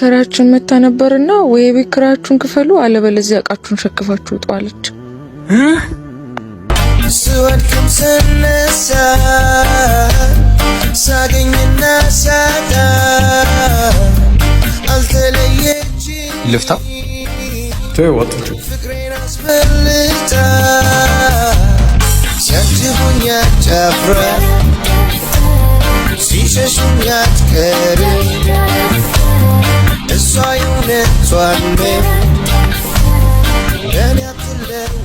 ከራችን መታ ነበርና ወይ ቤት ክራችሁን ክፈሉ አለበለዚያ እቃችሁን ሸክፋችሁ ውጡ አለች። ስነሳ ሳገኝና ሳጣ አልተለየች ልፍታ ተወጥቶ ፍቅሬን አስፈልጣ ሲያጅቡኛ ሲሸሹኛ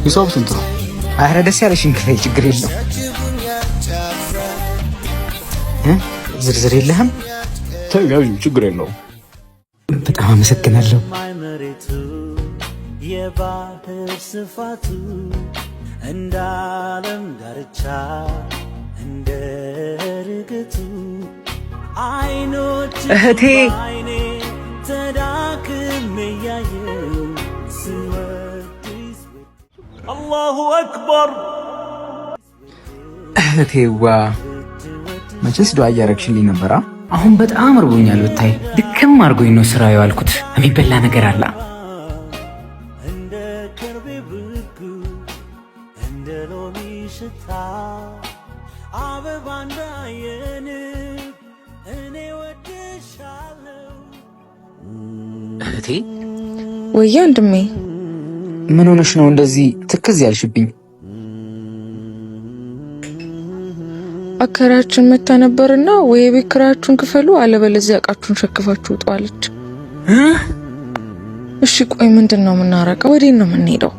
ሂሳብ ስንት ነው? አረ ደስ ያለሽን ክፈይ፣ ችግር የለም። ዝርዝር የለህም? ተያዩ፣ ችግር የለውም። በጣም አመሰግናለሁ። የባህር ስፋቱ እንደ ዓለም ዳርቻ እንደ ርግቱ አይኖች እህቴ አላሁ አክበር። እህቴዋ መቼስ ዱዓ እያረግሽልኝ ነበራ። አሁን በጣም እርቦኛል ብታይ። ድክም አድርጎኝ ነው ስራ የዋልኩት። የሚበላ ነገር አለ? እህቴ፣ ወይ ወንድሜ ምን ሆነሽ ነው እንደዚህ ትክዝ ያልሽብኝ? አከራችን መታ ነበርና ወይ ቤት ክራችሁን ክፈሉ አለበለዚያ እቃችሁን ሸክፋችሁ ውጡ አለች። እሺ ቆይ ምንድን ነው የምናረቀው? ወዴት ነው የምንሄደው?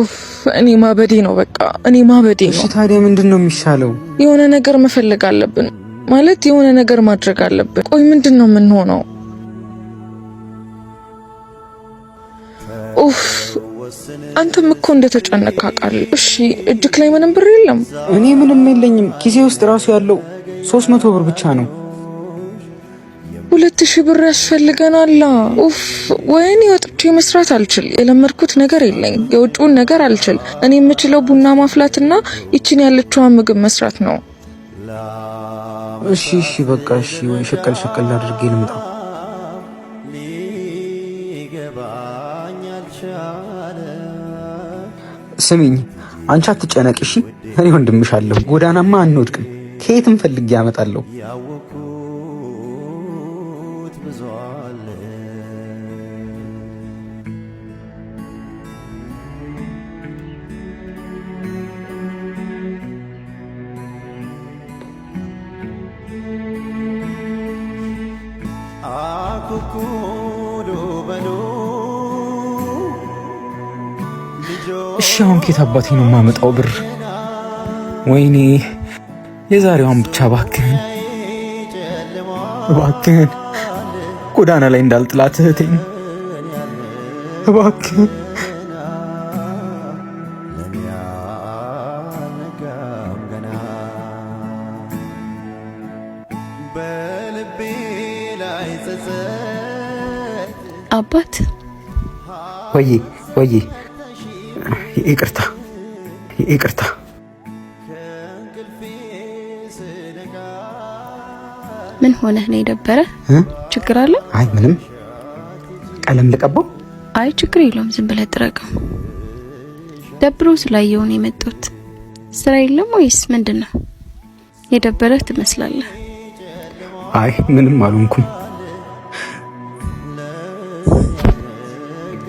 ኡፍ እኔ ማበዴ ነው በቃ እኔ ማበዴ ነው። ታዲያ ምንድን ነው የሚሻለው? የሆነ ነገር መፈለግ አለብን ማለት የሆነ ነገር ማድረግ አለብን። ቆይ ምንድን ነው የምንሆነው? ኡፍ አንተም እኮ እንደተጨነቅ አውቃለሁ። እሺ እጅክ ላይ ምንም ብር የለም? እኔ ምንም የለኝም። ኪሴ ውስጥ ራሱ ያለው ሶስት መቶ ብር ብቻ ነው። ሁለት ሺህ ብር ያስፈልገናል። ኡፍ ወይኔ ወጥቼ መስራት አልችል። የለመድኩት ነገር የለኝ። የውጭውን ነገር አልችል። እኔ የምችለው ቡና ማፍላትና ይችን ያለችዋን ምግብ መስራት ነው። እሺ እሺ፣ በቃ እሺ። ወይ ሸቀል ሸቀል አድርጌ ልምጣ ስሚኝ፣ አንቺ አትጨነቅ እሺ። እኔ ወንድምሽ አለሁ። ጎዳናማ አንወድቅም። ከየትም ፈልጌ ያመጣለሁ። Oh እሺ አሁን ኬት አባቴ ነው የማመጣው ብር? ወይኔ የዛሬዋን ብቻ እባክህን፣ እባክህን ጎዳና ላይ እንዳልጥላት እህቴን፣ እባክህን አባት ወይዬ ወይዬ ይቅርታ ይቅርታ ምን ሆነህ ነው የደበረ? ችግር አለ? አይ ምንም። ቀለም ልቀባው? አይ ችግር የለውም። ዝም ብለህ ጥረቀው። ደብሮ ስላየው ነው የመጣሁት። ስራ የለም ወይስ ምንድን ነው? የደበረህ ትመስላለህ። አይ ምንም አልሆንኩም።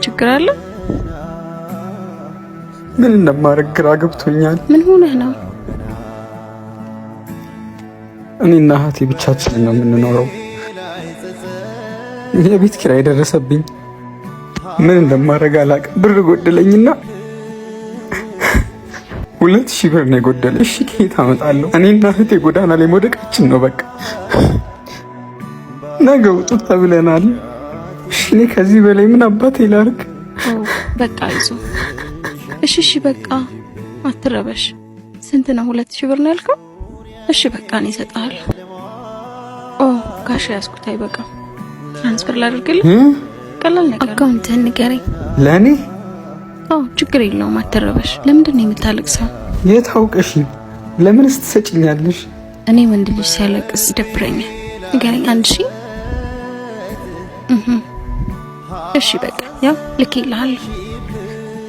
ችግር አለ? ምን እንደማደርግ ግራ ገብቶኛል። ምን ሆነህ ነው? እኔና እህቴ ብቻችን ነው የምንኖረው። የቤት ኪራይ ደረሰብኝ። ምን እንደማደርግ አላውቅም። ብር ጎደለኝና ሁለት ሺህ ብር ነው የጎደለ። እሺ ከየት አመጣለሁ? እኔና እህቴ ጎዳና ላይ መውደቃችን ነው በቃ። ነገ ውጡ ተብለናል። እሺ እኔ ከዚህ በላይ ምን አባቴ ላርግ? በቃ እሺ እሺ፣ በቃ አትረበሽ። ስንት ነው? ሁለት ሺህ ብር ነው ያልከው? እሺ በቃ እኔ እሰጥሃለሁ። ኦ ጋሽ ያዝኩት፣ አይበቃም። ትራንስፈር ላድርግልህ? ቀላል ነገር። አካውንትህን ንገረኝ። ለእኔ? አዎ ችግር የለውም አትረበሽ። ለምንድን ነው የምታለቅሰው? የት አውቀሽ? ለምን ስትሰጭኛለሽ? እኔ ወንድ ልጅ ሲያለቅስ ይደብረኛል። ንገረኝ። አንድ ሺህ እሺ በቃ ያው ልኬልሃለሁ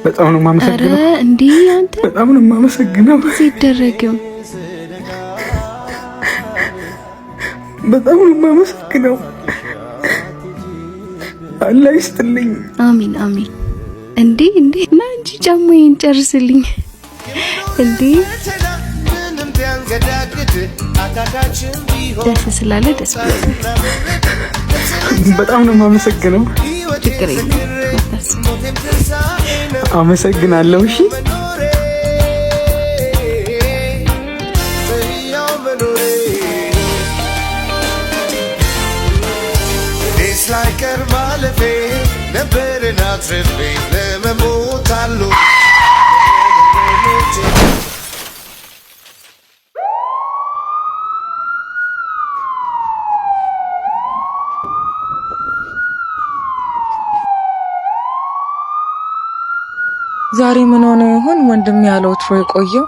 በጣም ነው የማመሰግነው። እንዴ አንተ በጣም ነው የማመሰግነው። ይደረግም በጣም ነው የማመሰግነው። አላህ ይስጥልኝ። አሚን አሚን። እንዴ እንዴ ና እንጂ ጫማዬን ጨርስልኝ። እንዴ ደስ ስላለ ደስ በጣም ነው የማመሰግነው። ችግር የለም አመሰግናለሁ። እሺ ላይቀር ማለፌ ነበርን ለመሞት ዛሬ ምን ሆነ ይሆን ወንድም ያለው ትሮ የቆየው?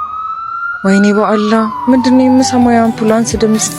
ወይኔ በአላ ምንድነው የምሰማው የአምፑላንስ ድምፅ?